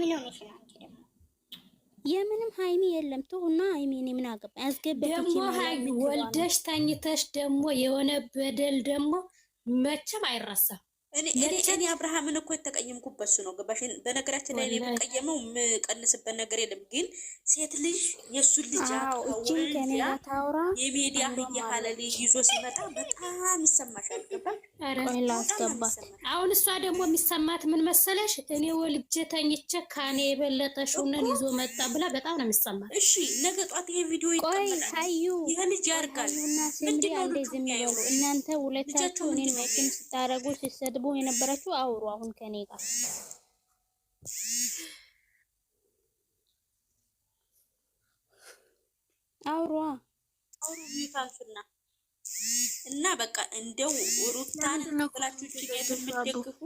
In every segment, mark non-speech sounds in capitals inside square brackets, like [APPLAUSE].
ምን ሆነሽ ነው አንቺ? ደግሞ የምንም ሀይሚ የለም ትሁና ሀይሚ እኔ ምን አገባኝ። አስገብተሽ ደግሞ ወልደሽ ተኝተሽ ደግሞ የሆነ በደል ደግሞ መቼም አይረሳም። እኔ አብርሃምን እኮ የተቀየምኩበት እሱ ነው። ገባሽ? በነገራችን ላይ የምቀየመው የምቀንስበት ነገር የለም። ግን ሴት ልጅ የእሱን ልጅ አውራ የሚዲያ ህያለ ልጅ ይዞ ሲመጣ በጣም ይሰማሻል። አሁን እሷ ደግሞ የሚሰማት ምን መሰለሽ? እኔ ወልጄ ተኝቼ ከኔ የበለጠ ሹንን ይዞ መጣ ብላ በጣም ነው የሚሰማት። እሺ፣ ነገ ጧት ይሄ ቪዲዮ ይቀመጣል። ይህ ልጅ ያርጋል። ምንድነው ልጁ እናንተ ሁለታችሁ እኔን ሲሰድ ስታስቡ የነበረችው አውሩ። አሁን ከኔ ጋር አውሯ አውሩታችሁና እና በቃ እንደው ሩታን ብላችሁ ችግር የምትደግፉ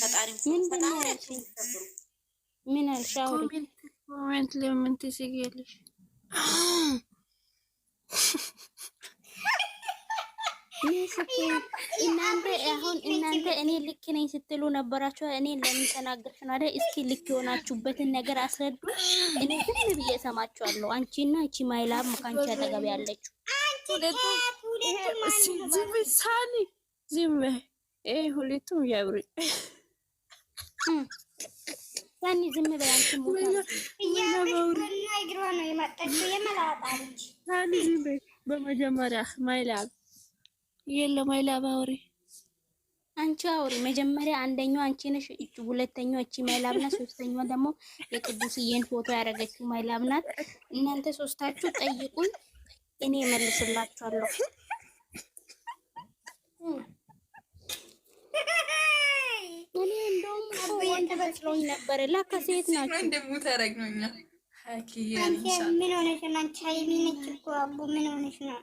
ፈጣሪ ምን አልሽ? አውሪ ኮሜንት ለምን ትስጊያለሽ? [GASPS] እናንተ አሁን እናንተ እኔ ልክ ነኝ ስትሉ ነበራችሁ። እኔ ለምን ተናገርሽ ነው አይደል? እስኪ ልክ የሆናችሁበትን ነገር አስረዱ። እኔ ዝም ብዬ እሰማችኋለሁ። አንቺና እቺ ማይላብ አጠገብ ያለችው ዝም ሳኒ ዝም ይሄ ሁለቱም ያብሪ ዝም ሙታ በመጀመሪያ ማይላብ የለም ማይላብ አውሪ፣ አንቺ አውሪ። መጀመሪያ አንደኛው አንቺ ነሽ እቺ፣ ሁለተኛው እቺ ማይላብ ናት፣ ሶስተኛው ደግሞ የቅዱስዬን ፎቶ ያደረገችው ማይላብ ናት። እናንተ ሶስታችሁ ጠይቁኝ፣ እኔ መልስላችኋለሁ። እኔ እንደውም ወንድ መስሎኝ ነበር፣ ላካ ሴት ናችሁ። ምን ሆነሽ ነው አንቺ? ሀይሚ ነች እኮ አቡ፣ ምን ሆነሽ ነው?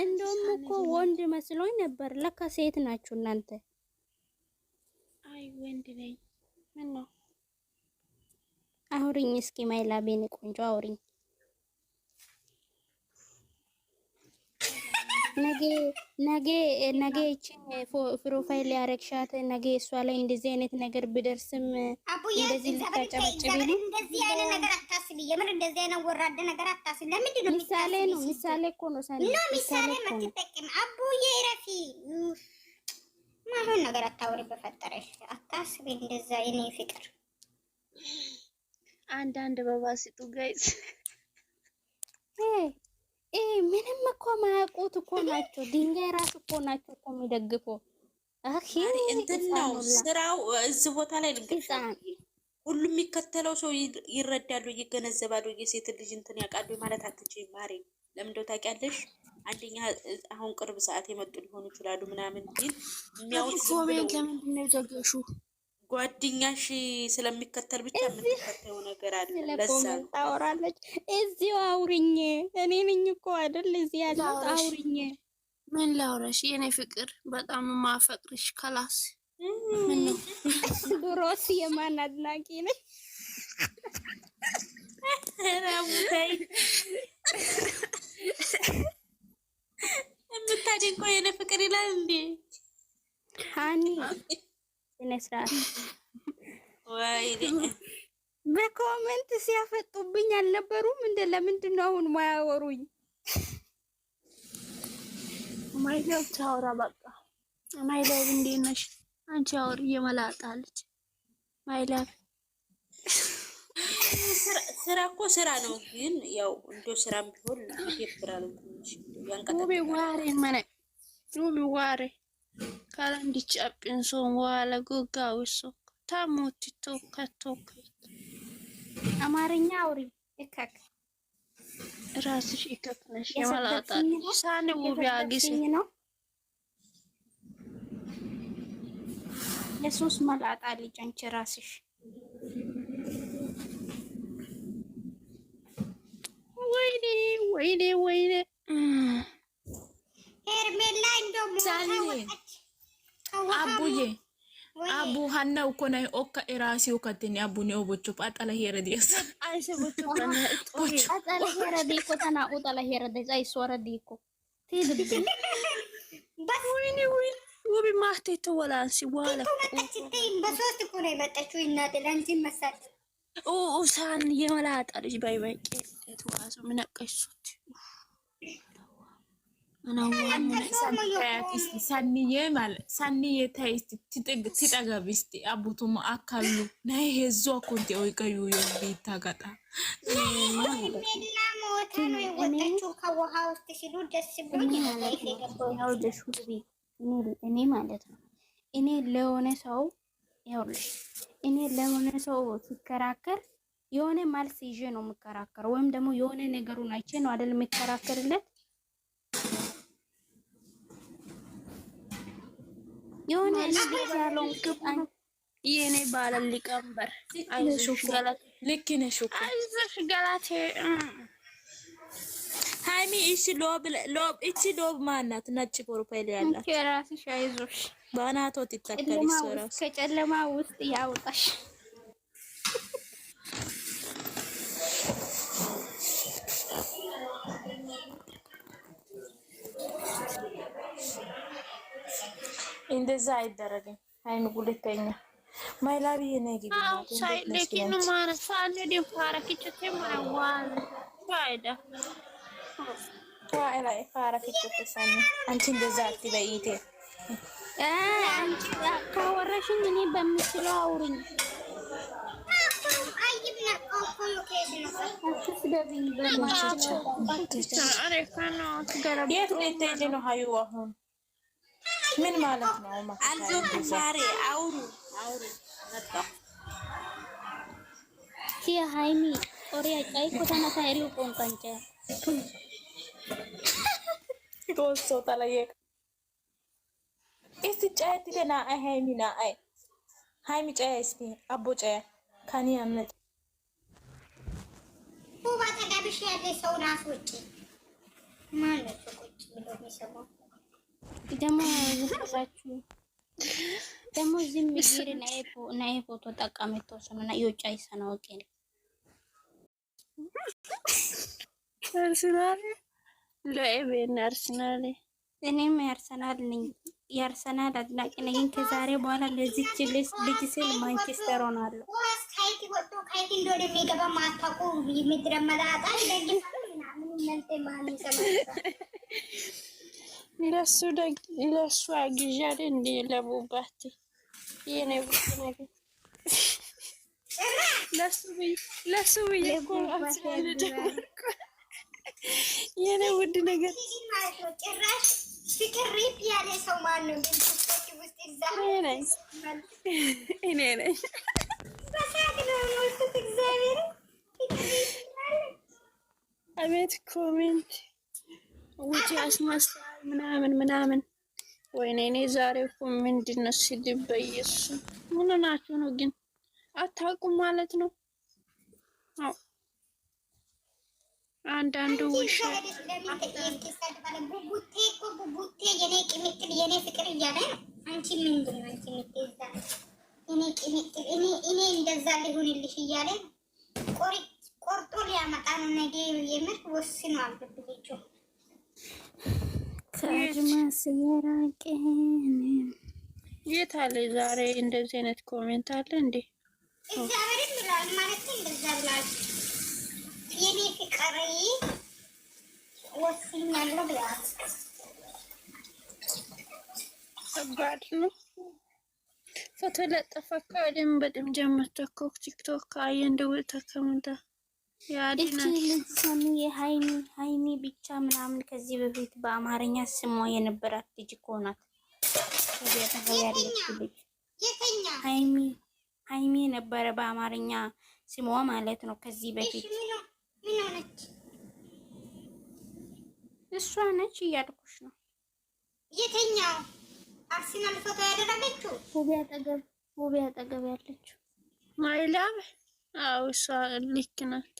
እንደውም እኮ ወንድ መስሎኝ ነበር። ለካ ሴት ናችሁ እናንተ። አይ ወንድ ነኝ። ምን ነው አውሪኝ እስኪ ማይላቤን ቆንጆ አውሪኝ። ነገ ነገ ይችን ፕሮፋይል ያረግሻት ነገ እሷ ላይ እንደዚህ አይነት ነገር ብደርስም እንደዚህ ልታጨበጭብ እንደዚህ አይነት ነገር አታስቢ፣ የምር እንደዚህ አይነት ወራደ ነገር ለምንድን ነው ምሳሌ ነው ምሳሌ እኮ ነው ነው ምሳሌ አቡዬ ረፊ ነገር በፈጠረሽ፣ አታስቢ እንደዛ የኔ ፍቅር። አንዳንድ በባስጡ ምንም እኮ ማያውቁት እኮ ናቸው። ድንጋይ ራሱ እኮ ናቸው እኮ የሚደግፎ እንትን ነው ስራው። እዚህ ቦታ ላይ ሁሉም የሚከተለው ሰው ይረዳሉ፣ ይገነዘባሉ። የሴት ልጅ እንትን ያውቃሉ ማለት አትችይም። ማሪ ለምንደው ታውቂያለሽ? አንደኛ አሁን ቅርብ ሰዓት የመጡ ሊሆኑ ይችላሉ ምናምን፣ ግን የሚያውቁ ጓደኛሽ ስለሚከተል ብቻ የምትከተው ነገር አለ። ለዛ ታወራለች። እዚው አውሪኝ፣ እኔ ነኝ እኮ አይደል? እዚህ ያለው አውሪኝ። ምን ላውራሽ የኔ ፍቅር? በጣም ማፈቅርሽ። ከላስ ድሮስ የማን አድናቂ ነኝ? ራሙታይ የምታደንቀው የኔ ፍቅር ይላል እንዴ ሃኒ ስነ ስርዓት በኮመንት ሲያፈጡብኝ አልነበሩም እንደ ለምንድን ነው አሁን ማያወሩኝ? ማይለው ታወራ በቃ ማይለው እንዴት ነሽ አንቺ? አወር እየመላጣለች ማይለው ስራ እኮ ስራ ነው፣ ግን ያው እንደው ስራም ቢሆን ይከብራል ትንሽ ያንቀጣ ነው። Karaan diccaphiin sun ጎጋ goggawis ታ ሞቲ ቶከቶክ አማርኛ አውሪ እከክ ራስሽ እከክ ነሽ የማላጣ ሳን ውብ ያጊስ የሶስት መላጣ ልጅ ራስሽ ወይኔ ወይኔ ወይኔ ሄርሜላ እንደው አቡዬ አቡ ሀናው እኮ ናይ ኦካ ኤራሲ ኦካቴን አቡ ኔ ቦቾ ጳጣላ ሄረዴስ አይሰ ቦቾ ጳጣላ ሄረዴ ተና ኦጣላ ሄረዴስ አይሶ ረዴ እኮ ትልብ ወይኔ ወይኔ ውብ ማህቴ ተወላንሲ ዋላ በሶስት እኮ ነው የመጣችው እናቴ ለአንቺ መሳል ኡሳን የመላጣ ልጅ ባይ ባይ ተዋሱ ምነቀሱት ሰኒዬ ማለት ሰኒዬ ተይ አካሉ ናይ ጋጣ እኔ ማለት ነው እኔ ለሆነ ሰው እኔ ለሆነ ሰው ሲከራከር የሆነ ማልስ ይዤ ነው ወይም ደግሞ የሆነ ነገሩን አይቼ ነው አደል የምከራከርለት የሆነ ስቤት ያለው የኔ ባለ ሊቀመንበር ልክ ነሽ አይዞሽ ገላቴ ሃይሚ እሺ ሎብ ሎብ እቺ ሎብ ማናት? ነጭ ፕሮፋይል ያላት እራስሽ አይዞሽ በናቶት ይታከል ከጨለማ ውስጥ ያውጣሽ። እንደዛ አይደረግም። አይም ጉልተኛ ማይላቢ ነጊ ለኪኑ ማነሳ አለዲ ፋራክችቴ ማዋል ፋይዳ ዋላ ፋራክችቴ ሰኒ አንቺ እንደዛ አትበይቴ አንቺ ካወራሽኝ እኔ በምችለው አውሪኝ። የት ልትሄጂ ነው? ሀዩ አሁን ምን ማለት ነው? አልዞርኩም። ዛሬ አውሩ አውሩ ሲ ሃይሚ ኦሪያ ጫይ ኮታና ታይሪው ቆንቀንጨ ዶሶ ተለየ እስቲ ጫይ ትደና አይ ሃይሚ ና አይ ሃይሚ ጫይ እስቲ አቦ ጫይ ካኒ አምነት ቡባ ተጋብሽ ያለ ሰው ራስ ውጪ ማለት ቁጭ ብሎ የሚሰማው ደግሞ ዝሳችሁ ደግሞ ዝም ብዬ ናይ ፎቶ ጠቃሚ ተወሰኑና የውጭ አይሰናወቅ አርሰናል ለኤቤን አርሰናል እኔም ያርሰናል ነኝ። የአርሰናል አድናቂ ነኝ። ከዛሬ በኋላ ለዚች ልጅ ስል ማንቸስተር ሆናለሁ። ለሱ አግዣል እንዲ ለቡባት የኔ ብዙ ነገር ለሱ ብዬ የኔ ውድ ነገር እኔ ነኝ። አቤት ኮሜንት ውጭ አስመሳይ ምናምን ምናምን። ወይኔ እኔ ዛሬ እኮ ምንድን ነው ስድብ! በየሱ ምን ሆናችሁ ነው ግን? አታውቁም ማለት ነው። አንዳንዱ ውሻ እኔ ቆርጦ ሊያመጣ ነው ነገ የምር ወስኗል። የት አለ ዛሬ እንደዚህ አይነት ኮሜንት አለ እንዴ? ከባድ ነው። ከተለጠፈ ከደም በደም ጀመርተኮ ቲክቶክ አየ እንደው ተከምታ እቺ ልጅ ሰሚዬ ሀይሚ ሀይሚ ብቻ ምናምን ከዚህ በፊት በአማርኛ ስሟ የነበራት ልጅ እኮ ናት። ሀይሚ ነበረ በአማርኛ ስሟ ማለት ነው። ከዚህ በፊት እሷ ነች እያልኩሽ ነው። የተኛው አርሲናል ፎቶ ያደረገችው ውቤ አጠገብ ያለችው አዎ እሷ ልክ ናት።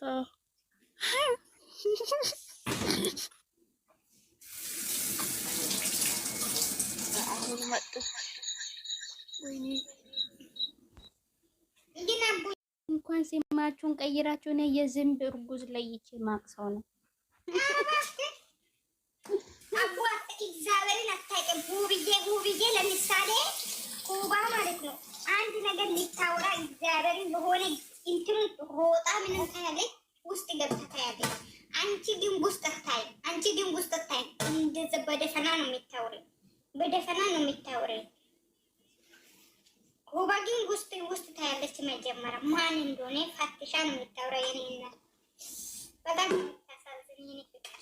አሁን መጡ። እንኳን ስማችሁን ቀይራችሁ እኔ የዝንብ እርጉዝ ለይቼ ማቅሰው ነው። እግዚአብሔርን ለምሳሌ ኩባ ማለት ነው አንድ ነገር ሊታወራ እግዚአብሔርን እንትን ሮጣ ምንም ታያለች፣ ውስጥ ገብታ ታያለች። አንቺ ግን ውስጥ ታይ፣ አንቺ ግን ውስጥ ታይ። እንደዚያ በደፈና ነው የሚታወሪ፣ በደፈና ነው የሚታወሪ። ሮባ ግን ውስጥ ውስጥ ታያለች። መጀመሪያ ማን እንደሆነ ፈትሻ ነው የሚታወራ። የኔ በጣም ታሳዝን። የኔ ፍቅር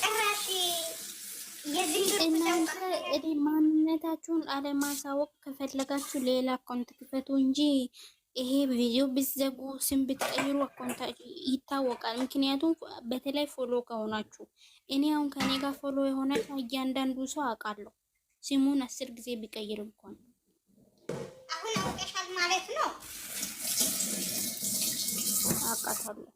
ጭራሽ እናንተ እንግዲህ ማንነታችሁን አለማሳወቅ ከፈለጋችሁ ሌላ አካውንት ክፈቱ እንጂ ይሄ ቪዲዮ ብትዘጉ ስም ብትቀይሩ አካውንት ይታወቃል። ምክንያቱም በተለይ ፎሎ ከሆናችሁ እኔ አሁን ከኔ ጋር ፎሎ የሆነ እያንዳንዱ ሰው አውቃለሁ። ስሙን አስር ጊዜ ቢቀይር እንኳን አሁን አውቀሻል ማለት ነው። አውቃታለሁ